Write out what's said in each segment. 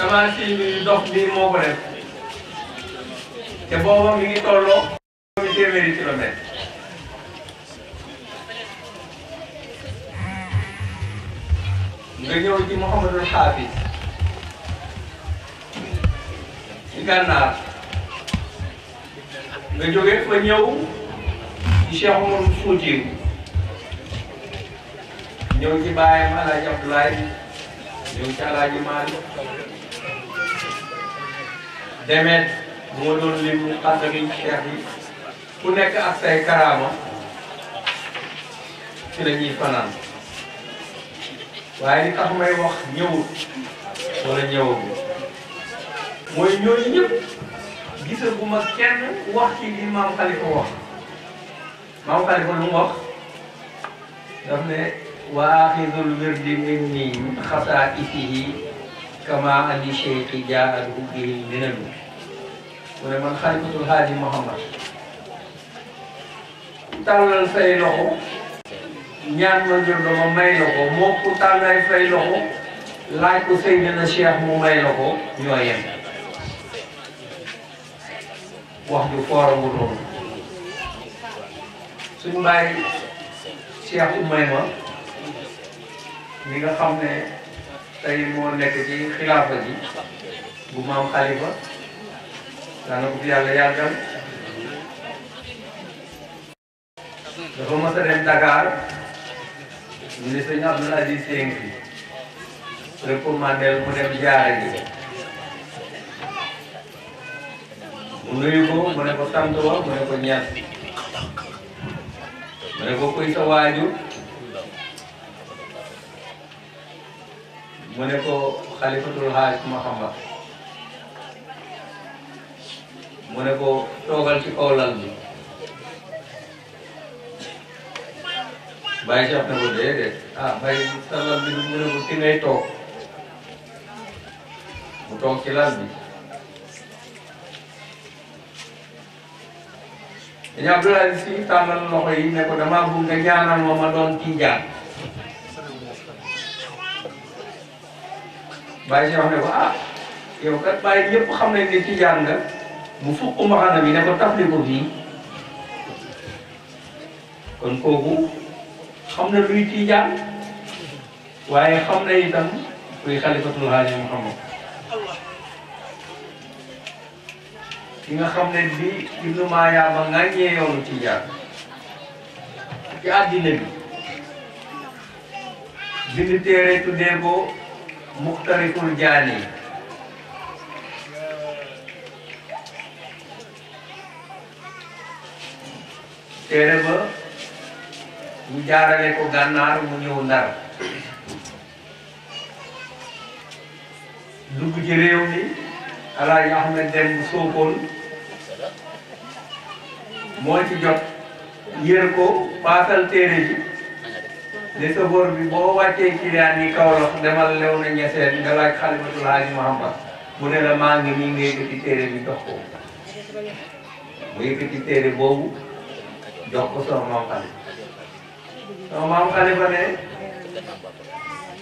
sama si yu dox bii moo ko def te booba mi ngi tolloo mi téeméeri kilomètre nga ñëw ci Mouhamadul Xaafis ci gànnaar nga jóge fa ñëw ci Cheikh Oumar Foutiyou ñëw ci baayam Alaaji Abdoulaye ñëw ci Alaaji Maalik demet bu ma lim ñu xàttal yi cheikh yi ku nekk ak say karaama ci la ñuy fanaan waaye li tax may wax ñëwut wala ñëwagul mooy ñooñu ñëpp gisaguma kenn wax ci li maam Khalifa wax maam Khalifa lu wax daf ne waaxidul wirdi min nii xasaa isihi kama ali cheikhi jaa al hubbihi minanu mu ne man xalifatul haadi Muhammad tàllal say loxo ñaan ma jot may la moo ku tàllal say loxo laaj ko Seydina Cheikh mu may la ko wax ju foora mu doon suñ bàyyi Cheikh ma mi nga xam ne tey moo nekk ci xilaafa ji bu maam xalifa daana ko fi yàlla yàggal dafa mas a dem Dakar ñu ne sëñ Abdoul Aziz Seng recommandé mu dem jaare ji mu nuyu ko mu ne ko sant wa mu ne ko ñaan mu ne ko kuy sa waajur mu ne ko xalifatul xaaj Muhammad mu ne ko toogal ci kaw lal bi bàyyi ci na ko déedéet ah bàyyi sa lal bi mu ne ko fi ngay mu toog ci lal bi dañu Abdoulaye Si tàllal loxo yi ne ko damaa bëgg nga ñaanal ma ma doon tijaan bàyyi Cheikh wax ne ko ah yow kat bàyyi ñëpp xam nañ ne tijaan nga mu fukk mbaxana bi ne ko tafli ko fii kon kooku xam na luy tijaan waaye xam na itam kuy xalifatul haaji Muhammad ki nga xam ne bi Ibnu Maayaa ba ŋàññee yoonu tijaan ci àddina ko muxtarikul jaani téere ba ñu jaarale ko gànnaar mu ñëw ndar dugg ci réew mi alaaji ahmed dem sookoon moo ci jot yër ko paasal téere bi li sa bor bi boo wàccee kiliyaan yi Kaolack demal Léona Niassène nga laaj Xalifatul Haaji Muhammad mu ne la maa ngi nii nga yëkkati téere bi jox ko mu yëkkati téere boobu jox ko sama maam Xalifa ne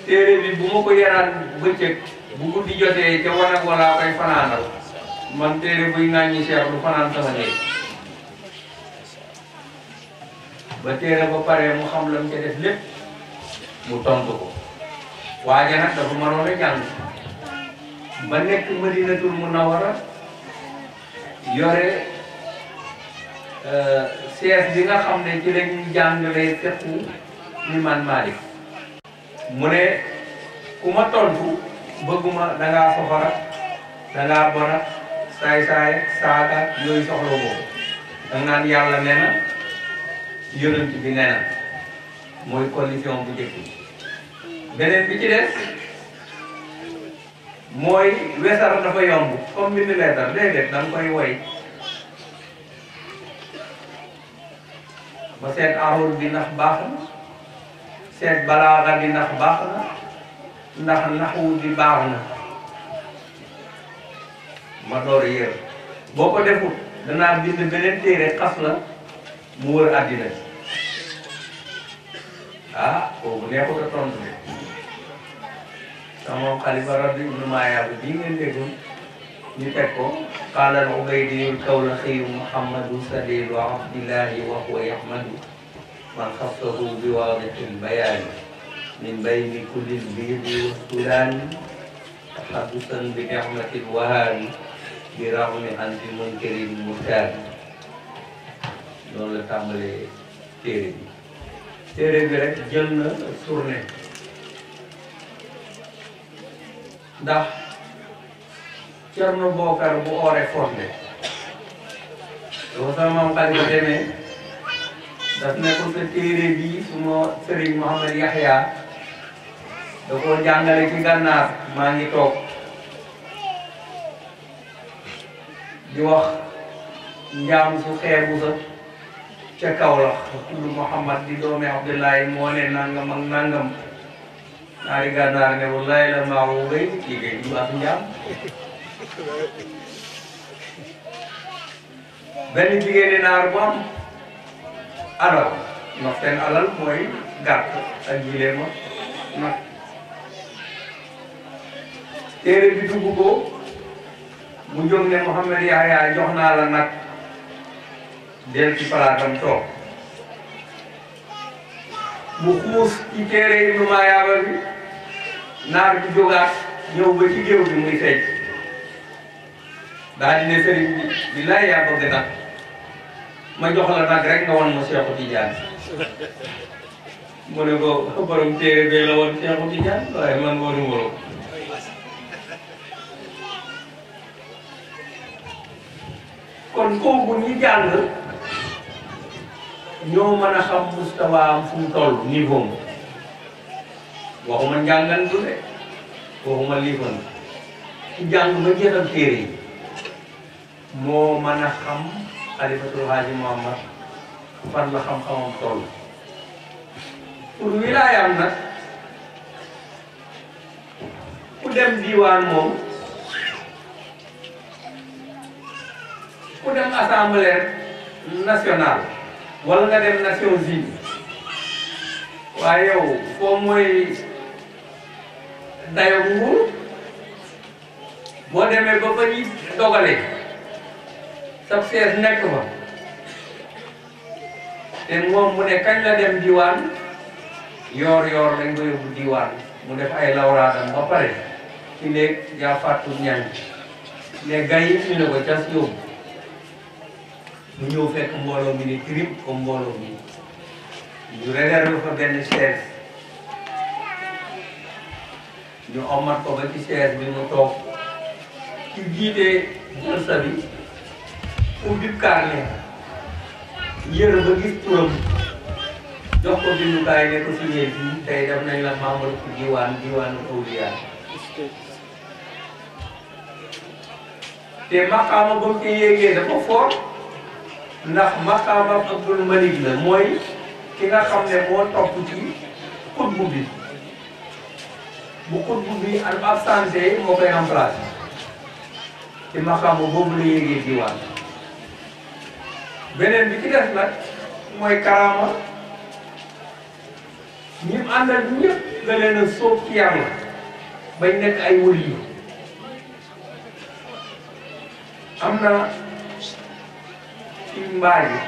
téere bi bu ma ko yaraan bëccëg bu guddi jotee ca wanag wala koy fanaanal man téere buy ŋàññi Cheikh lu fanaan sama ba téere ba pare mu xam lam ca def lépp mutong tuh, ko waaye nag dafa yang banyak jàng ba nekk yore Sias bi nga xam ne ci lañuy jàngalee ni man mari. Mune ne ku ma tontu bëgguma da ngaa saya saya ngaa bona saay lobo, saaga yooyu nena, boobu da nena, yàlla kondisi na beneen bi ci des mooy wesar dafa yomb comme mbind leetar déedéet da nga koy woy ba seet arur bi ndax baax na seet balaaga bi ndax baax na ndax naxwu bi baax na ma door yër boo ko defut danaa bind beneen téere xas la mu wër àddina ah kooku neexut a tontu te moom xalifa rabbi ibnu maayabu bii ngeen déggoon ñu teg ko qaalal ubaydiyul kawla xëyu muhammadu salilu abdillahi wa huwa yahmadu man xaftahu bi waadixil bayaani min bayni kullil biidi wa sulaani taxaddusan bi nixmatil wahaabi bi rahmi an fi munkirin murtaani loolu la tàmbalee téere bi téere bi rek jël ndax Cerno Bokar bu oore fonde doo sama maam xarit demee daf ne ko sa téere bi suma sëriñ Mouhamed Yahya da koo jàngale ci gànnaar maa ngi toog di wax njaam su xeebu sa ca Kaolack Abdoul Mouhamad di doomi Abdoulaye moo ne nangam ak nangam ay gànnaar ne wallaay la maamu ngay liggéey bi baax njaam benn jigéeni naar bu am alal alal mooy gàtt ak jileema nag bi dugg mu jóg ne Mouhamed Yahya naa la nag del ci palaatam mu xuus ci téere yi Numa Yaaba bi naar bi jógaat ñëw ba ci géew bi muy fecc daal di ne sëriñ bi bi laa yaa bëgg nag ma jox la nag rek nga wan ma mu ne ko borom téere bee la woon Seexu Tijaan waaye man wonu wolo kon kooku ñi ñoo mën a xam mustawaam fu mu toll niveau am waxuma njàngantu de waxuma liifan ci jàng ba jeexal téere yi moo mën a xam xalifatul haaji Muhammad fan la xam-xamam toll pour wilaayaam nag ku dem diwaan moom ku dem assemblée nationale wala nga dem Nations waaye yow foo mooy dayo nguur boo demee ba fa ñuy dogalee sa sees nekk fa te moom mu ne kañ la dem diwaan yor yoor lañ ko yóbbu diwaan mu def ay lawraadam moo pare ci néeg yaa fàttu ne gay yi ne ko cas mu ñëw fekk mbooloo mi ni trip ko mbooloo mi ñu réserve fa benn chaise ñu omat ko ba ci chaise bi mu toog ci jiitee jalsa bi ubbi carnet yër ba gis turam jox ko bindu bindukaay ne ko signé fi tey def nañ la mambal ci diwaan diwaanu awliya te maqaama ba ci yéegee dafa fort ndax maqaamam Abdul Malik la mooy ki nga xam ne moo topp ci xutbu bi bu xutbu bi am absenté moo koy remplacé ci maqaamu boobu la yéegee diwaan beneen bi ci def mooy karaama ñi mu àndal ñëpp da leen a sóob ci yàlla bañ nekk am na Baaji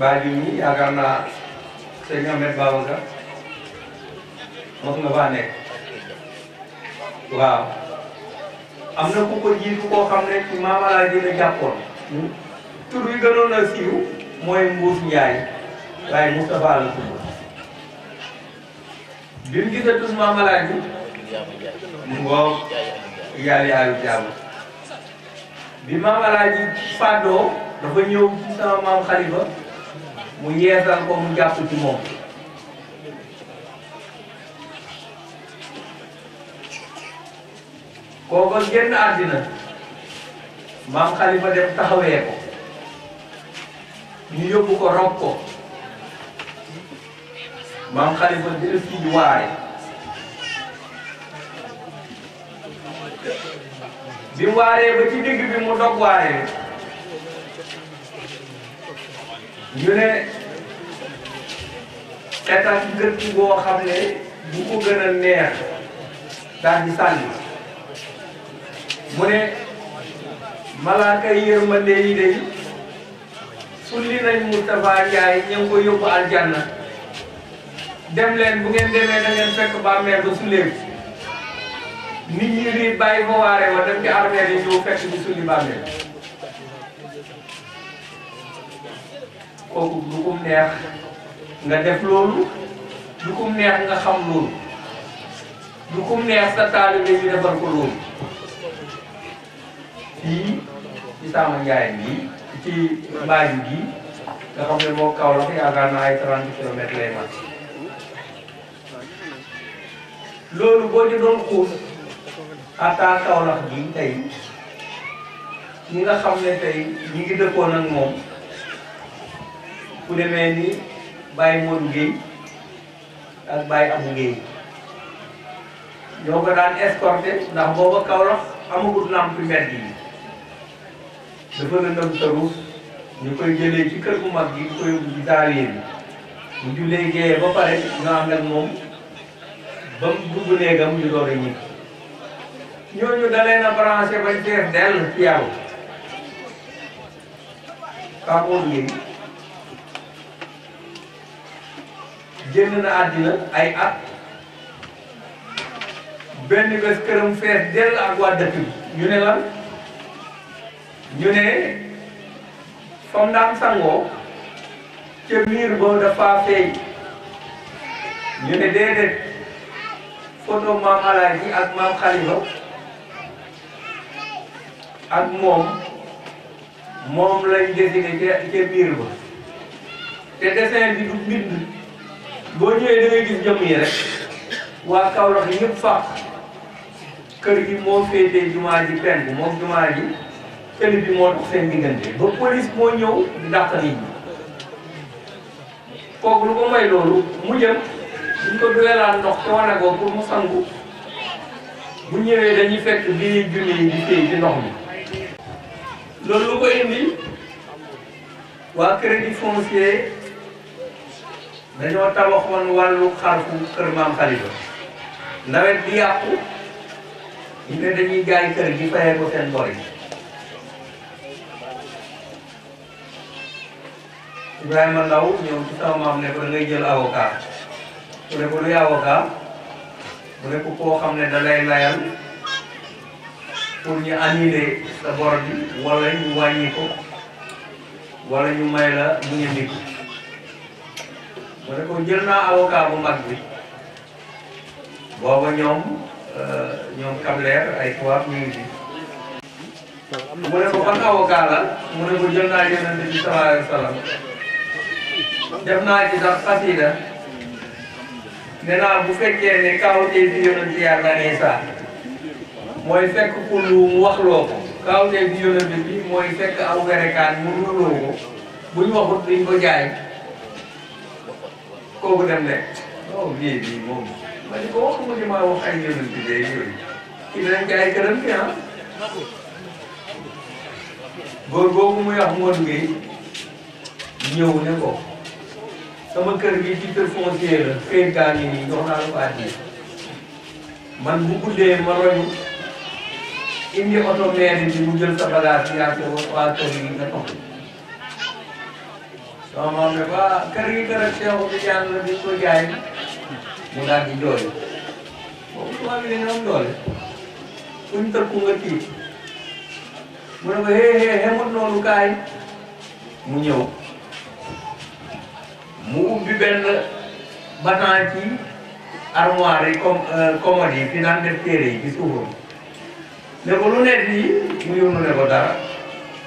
Baaji mi yaakaar naa sëñ Ahmed Babacar mos nga faa nekk waaw am na ku ko jiitu koo xam ne ci maam Alaaji la jàppoon tur yi gënoon a siiw mooy Mbuus Njaay waaye Moustapha la tudd bi mu gisee tus maam Alaaji mu ngoog yàlla yaayu jàmm bi maam alaaji fàddoo dafa ñëw ci sama maam xalifa mu yeesal ko mu jàpp moom kooka génn àddina maam xalifa dem taxawee ñu yóbbu ko rob ko maam xalifa di bi mu waaree ba ci digg bi mu dog waaree ñu ne état gëtt boo xam ne bu ko gën a neex daal di mu ne malaaka yërmande yi de sulli nañ Moustapha Ndiaye ña ngi ko yóbbu aljanna dem leen bu ngeen demee da ngeen fekk bàmmeel ba sulleeku nit ñi di bàyyi ba waare wa dem ci armée yi ñëw fekk ñu suñu bàmmeel kooku du kum neex nga def loolu du kum neex nga xam loolu du kum neex sa taalibe ñu defal ko loolu fii ci sama njaay bi ci mbaaju gi nga xam ne moo kaw la ko yaakaar naa ay 30 kilomètres lay mat loolu boo ci doon xuus xataa Kaolack gii tey ñi nga xam ne tey ñi ngi dëkkoon ak moom ku demee ni Baye Modou Guèye ak Baye Abou Guèye ñoo ko daan escorté ndax booba Kaolack amagut lampe mbedd yi dafa lëndëm tëru ñu koy jëlee ci kër bu mag gi ñu koy yóbbu ci zaawiye bi bu jullee géeyee ba pare ñoo am nag moom ba mu néegam ñu door a ñibbi ñooñu dalee na branché bañ fees dell ci yàlla Pape Oud na àddina ay at benn bés këram fees dell ak waa ñu ne lan ñu ne fam daan sangoo ca miir ba dafa feey ñu ne déedéet photo maam Alaaji ak maam Khalifa ak moom moom lañ dessiné ca ca biir ba te dessin bi du bind boo ñëwee da ngay gis jëmm yi rek waa Kaolack ñëpp fàq kër gi moo féetee jumaa ji penku moom jumaa ji tëli bi moo dox seen diggante ba police moo ñëw di kooku lu ko may loolu mu jëm buñ ko duwelaan ndox te wanagoo pour mu sangu bu ñëwee dañuy fekk bii junne yi di téye ci ndox mi loolu lu ko indi waa crédit foncier dañoo tabaxoon wàllu xarfu kër maam Khalifa nawet bi yàqu ñu ne dañuy jaay kër gi fayee ko seen bor yi Ibrahima Ndaw ñoom ci sama maam ne ko da jël avocat mu ne ko luy avocat mu ne koo xam ne da layal pour ñu annuler sa bor bi wala ñu wàññi ko ñu may la mu ngi ndig mu ne jël naa avocat bu mag bi booba ñoom euh, ñoom kableer ay tubaab ñu ngi mu ne ko ban la mu ne ko jël naa yonent bi sallallahu alayhi wa sallam naa ci sax xasida naa bu fekkee ne kaw tey fi yonent yàlla Isa mooy fekk xullu mu wax loo ko kaawteef bi yonent bi mooy fekk aw werekaan mu ruloo ko buñ waxut duñ ko jaay kooku dem lekk non vie bi ma ni ko wax mu ni maa wax ay yonent bi day yooyu ki dinañ jaay këram bi ah góor boobu muy wax Modou Gueye ñëw ne ko sama kër gi titre foncier la kër gaa ngi nii man bu ma roñu indi oto mairie bi mu jël sa bagage yaa ngi ko waa kër yi nga toog sama maam ne waa kër yi kër ak Cheikh Tidiane la mu daal di jooy boobu tubaab yi dañu am doole kuñ tëkku nga tiit mu ne ko hee hee xemut noonu kaay mu ñëw mu ubbi benn batan ci armoire yi comme commode yi fi daan def téere yi ci ne ko lu nekk nii mu yónnu ne ko dara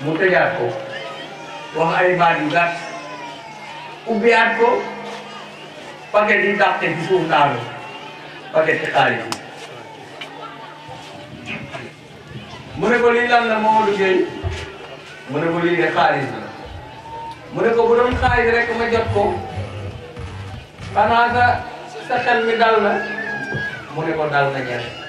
mu tëjaat ko wax ay baat yu gàtt ubbiyaat ko paquet yi dàqte ci suuf taalu paquet ci xaalis yi mu ne ko lii lan la Mamadou Gueye mu ne ko lii de xaalis la mu ne ko bu doon xaalis rek ma jot ko xanaa sa sa xel mi dal na mu ne ko dal na ñebe.